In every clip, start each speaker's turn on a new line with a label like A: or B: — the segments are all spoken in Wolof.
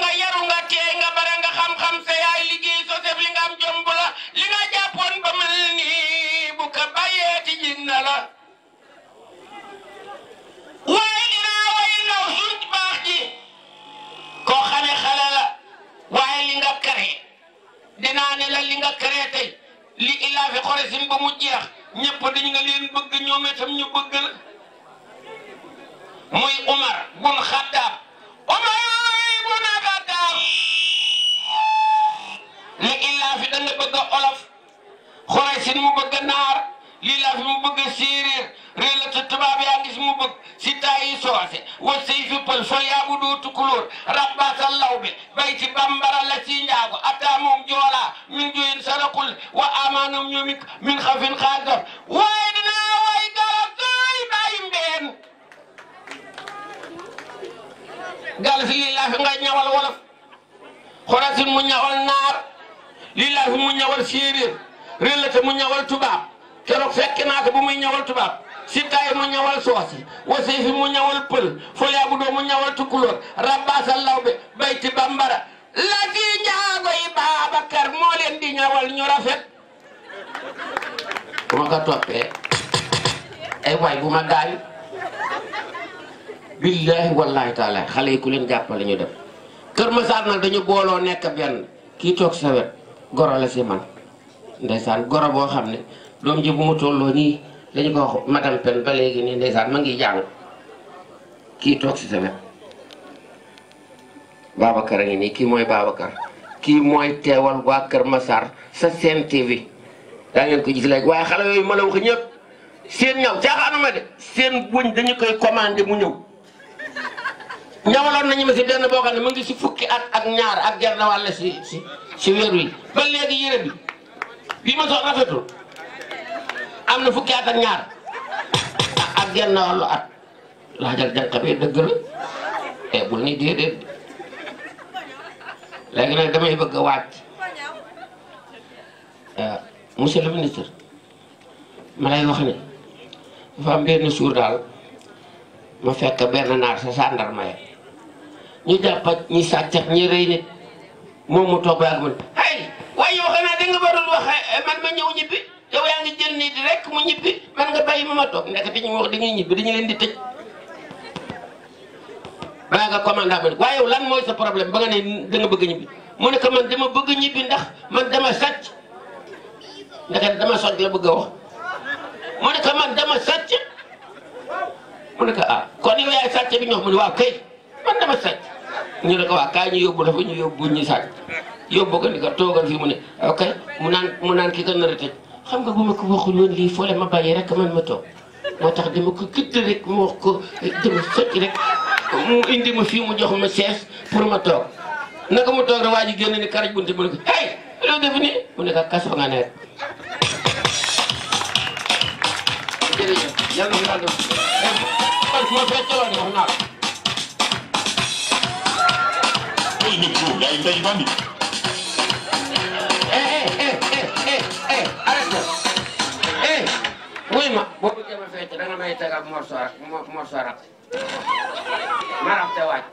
A: nga yaru nga teey nga bare nga xam-xam sa yaay liggéey so def li nga am jomb la li nga jàppoon ba mel nii bu ko bàyyee ti jinna la waaye dinaa way naw suñ baax ji koo xame xale la waaye li nga kare dinaa ne la li nga kare tey li ilaafi xoresin ba mu jeex ñëpp dañ nga leen bëgg ñoom itam ñu bëgg la muy Umar bun Xattaab Umar bëgg lii laa mu bëgg séeréer réer la te tubaab yaa ngi mu bëgg si taa yi soose wala say fi pël sol bu dootu kulóor rabbaasal law bi bay bambara la ci njaago ataa moom joolaa min joyin sarakul wa amaanam ñoomik min xafin xaagam waaye dinaa way garab sooy bàyyi mbeen gal fi lii laa mu ñawal rilati mu ñawal tubab kérok fekk na ko bu muy ñawal tubaab sittaay mu ñawal soosi wasiifi mu ñawal pël folyaa bu do mu ñawal rabba sallahu be bayti bambara la ci yi babakar mo len di ñawal ñu rafet bu ma topé ay way bu ma gaayu billahi wallahi taala xalé ku len jappal ñu def Kër dañu bolo nek ben ki tok sawet gorale ci man ndaysan goro bo xamne dom ji bu mu tollo ni dañu ko wax madame Pen ba legi ni ndaysan ma ngi jang ki tok ci sama babakar ngi nii ki moy Kër Massar sa sen TV da ngeen ko gis léegi way xala yoy mala wax ñepp sen ñaw ma de sen buñ dañu koy commandé mu ñew ñawalon nañu ma si benn bo xamne ne ngi si fukki at ak ñaar ak wala ci ci ci wër wi ba legi yere bi li ma soxla rafetul am fukki at ak ñaar ak genn wàllu at laa jar jar xamee dëgg la te eh, bul ni déedéet léegi nag damay bëgg a euh, monsieur le ministre ma lay wax am benn ma fekk benn sa ya. ñu ñi ñi ak man warul wax eh, man ma ñew ñibbi yow ya nga jël ni rek mu ñibbi man nga bàyyi ma tok nek ndekete ñu wax di dañuy ñibbi ñu leen di tej ba nga commandable ba yow lan moy sa problème ba nga ne da nga bëgg ñibbi mu ne ko man dama bëgg ñibbi ndax man dama sacc nek dama sacc la bëgg wax mu ne ko man dama sacc mu ne ko ah kon yow ya sacc bi ñu wax mu ne wa kay man dama sacc ñu ne ko waa kaay ñu yobbu dafa ñu yobbu ñu sacc yóbbu ko toogal fi mu ne ok mu nan mu nan ki ko nar xam nga buma ko waxul li fo le ma baye rek man ma tok motax dama ko kitt rek mu wax ko dama fecc rek mu indi ma fi mu jox ma ses pour ma tok naka mu nah, tok rawaji genn ni karaj bunti mu ko hey lo def ni mu ne ka kasso nga nekk jërëjëf yàlla na ko ya may ma boobu jama feete danga may teg ak morso rek morso rek te wàcc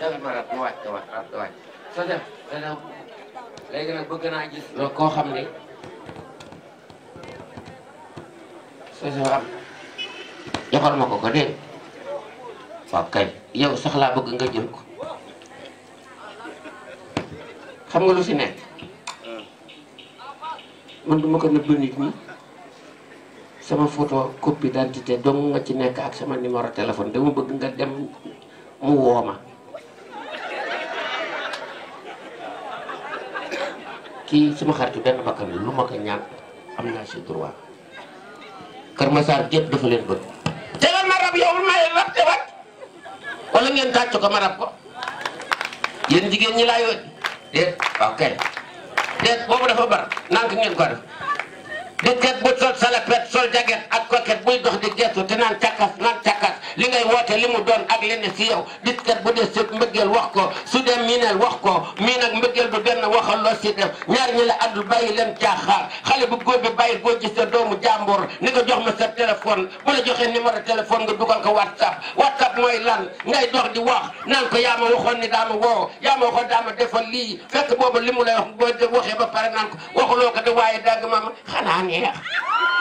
A: def ma rab te wàcc rab te wàcc soo def te def bëgg naa gis la am joxal ko kay yow bëgg nga jël ko xam nga lu si nekk man duma ko nit sama photo copie d'identité dong nga ci nekk ak sama numéro téléphone dama bëgg nga dem mu wooma ki sama xaritu benn bakkan lu ma ko ñaan am naa si droit kër masaar jëpp dafa leen bëgg tegal ma rab yow may rab te wat wala ngeen tàcc ko ma rab ko yéen jigéen ñi laa yoot déet waaw kay déet dafa bar nank ngeen ko def di teg bu sol salopette sol jaget ak coquette buy dox di gestu te naan càkkas naan càkkas li ngay woote li mu doon ak lenn si yow di teg bu dee sëg mbëggeel wax ko su dee miineel wax ko mii nag mbëggeel du benn waxal loo si def ñaar ñi la àddul bàyyi leen caaxaar xale bu góor bi bàyyi boo gisee doomu jàmbur ni ko jox ma sa téléphone bu la joxee numéro téléphone nga dugal ko whatsapp whatsapp mooy lan ngay dox di wax naan ko ma waxoon ni daa ma woo yaa ma waxoon ma defal lii fekk boobu li mu lay wax boo waxee ba pare naan ko waxuloo waaye dagg ma xanaa yeah.